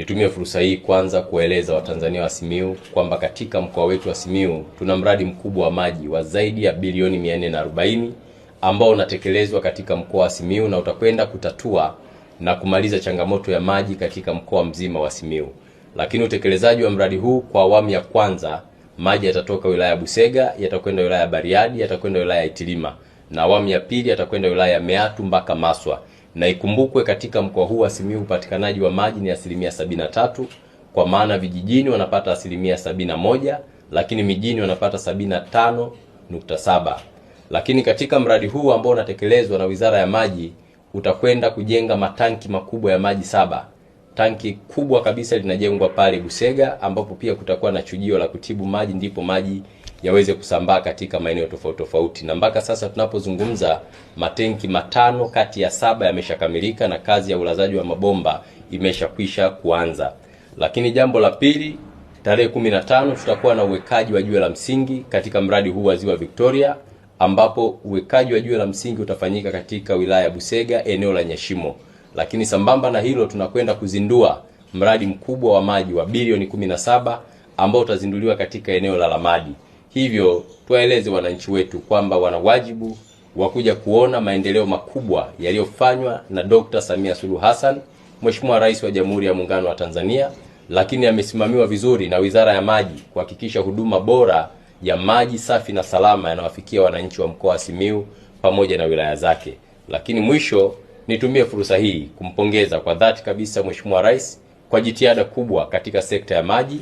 Nitumie fursa hii kwanza kuwaeleza Watanzania wa simiu kwamba katika mkoa wetu wa simiu tuna mradi mkubwa wa maji wa zaidi ya bilioni 440 ambao unatekelezwa katika mkoa wa simiu na utakwenda kutatua na kumaliza changamoto ya maji katika mkoa mzima wa simiu Lakini utekelezaji wa mradi huu kwa awamu ya kwanza, maji yatatoka wilaya ya Busega yatakwenda wilaya ya Bariadi yatakwenda wilaya ya Itilima na awamu ya pili yatakwenda wilaya ya Meatu mpaka Maswa na ikumbukwe katika mkoa huu wa Simiyu upatikanaji wa maji ni asilimia sabini tatu kwa maana vijijini wanapata asilimia 71 moja lakini mijini wanapata sabini tano nukta saba lakini katika mradi huu ambao unatekelezwa na Wizara ya Maji utakwenda kujenga matanki makubwa ya maji saba. Tanki kubwa kabisa linajengwa pale Busega ambapo pia kutakuwa na chujio la kutibu maji ndipo maji yaweze kusambaa katika maeneo tofauti tofauti, na mpaka sasa tunapozungumza matenki matano kati ya saba yameshakamilika na kazi ya ulazaji wa mabomba imeshakwisha kuanza. Lakini jambo la pili, tarehe 15 tutakuwa na uwekaji wa jiwe la msingi katika mradi huu wa Ziwa Victoria, ambapo uwekaji wa jiwe la msingi utafanyika katika wilaya ya Busega, eneo la Nyashimo. Lakini sambamba na hilo, tunakwenda kuzindua mradi mkubwa wa maji wa bilioni 17 ambao utazinduliwa katika eneo la Lamadi. Hivyo tuwaeleze wananchi wetu kwamba wana wajibu wa kuja kuona maendeleo makubwa yaliyofanywa na Dr. Samia Suluhu Hassan, Mheshimiwa Rais wa Jamhuri ya Muungano wa Tanzania, lakini amesimamiwa vizuri na Wizara ya Maji kuhakikisha huduma bora ya maji safi na salama yanawafikia wananchi wa mkoa wa Simiyu pamoja na wilaya zake. Lakini mwisho nitumie fursa hii kumpongeza kwa dhati kabisa Mheshimiwa Rais kwa jitihada kubwa katika sekta ya maji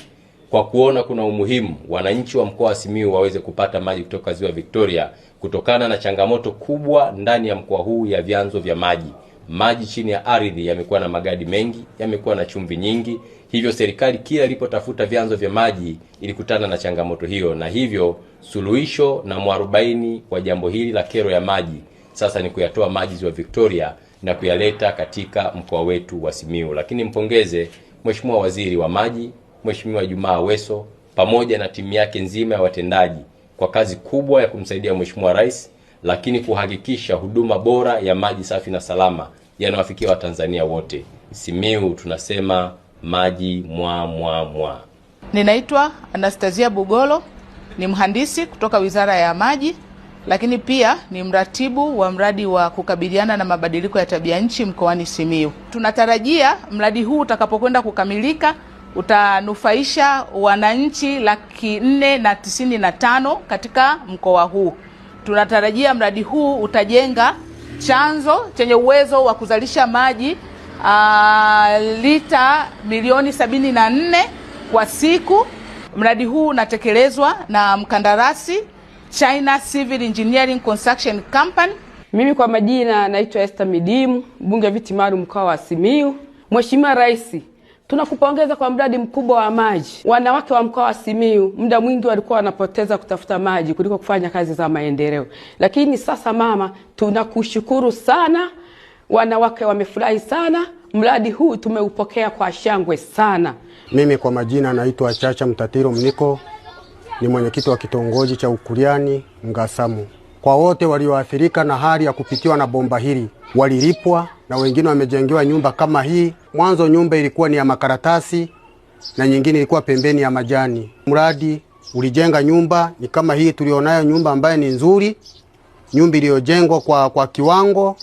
kwa kuona kuna umuhimu wananchi wa mkoa wa Simiyu waweze kupata maji kutoka ziwa Victoria kutokana na changamoto kubwa ndani ya mkoa huu ya vyanzo vya maji. Maji chini ya ardhi yamekuwa na magadi mengi, yamekuwa na chumvi nyingi, hivyo serikali kila ilipotafuta vyanzo vya maji ilikutana na changamoto hiyo, na hivyo suluhisho na mwarobaini wa jambo hili la kero ya maji sasa ni kuyatoa maji ziwa Victoria na kuyaleta katika mkoa wetu wa Simiyu. Lakini mpongeze Mheshimiwa Waziri wa Maji Mheshimiwa Jumaa Aweso pamoja na timu yake nzima ya watendaji kwa kazi kubwa ya kumsaidia Mheshimiwa Rais, lakini kuhakikisha huduma bora ya maji safi na salama yanawafikia Watanzania wote. Simiu tunasema maji mwa mwa mwa. Ninaitwa Anastasia Bugolo, ni mhandisi kutoka Wizara ya Maji, lakini pia ni mratibu wa mradi wa kukabiliana na mabadiliko ya tabia nchi mkoani Simiu. Tunatarajia mradi huu utakapokwenda kukamilika utanufaisha wananchi laki nne na tisini na tano katika mkoa huu. Tunatarajia mradi huu utajenga chanzo chenye uwezo wa kuzalisha maji aa, ah, lita milioni sabini na nne kwa siku. Mradi huu unatekelezwa na mkandarasi China Civil Engineering Construction Company. Mimi kwa majina naitwa Esther Midimu, mbunge viti maalum mkoa wa Simiyu. Mheshimiwa Rais Tunakupongeza kwa mradi mkubwa wa maji. Wanawake wa mkoa wa Simiyu muda mwingi walikuwa wanapoteza kutafuta maji kuliko kufanya kazi za maendeleo, lakini sasa mama, tunakushukuru sana. Wanawake wamefurahi sana, mradi huu tumeupokea kwa shangwe sana. Mimi kwa majina naitwa Chacha Mtatiro Mniko, ni mwenyekiti wa kitongoji cha ukuriani Ngasamu. Kwa wote walioathirika na hali ya kupitiwa na bomba hili, walilipwa na wengine wamejengewa nyumba kama hii. Mwanzo nyumba ilikuwa ni ya makaratasi na nyingine ilikuwa pembeni ya majani. Mradi ulijenga nyumba ni kama hii tulionayo, nyumba ambayo ni nzuri, nyumba iliyojengwa kwa, kwa kiwango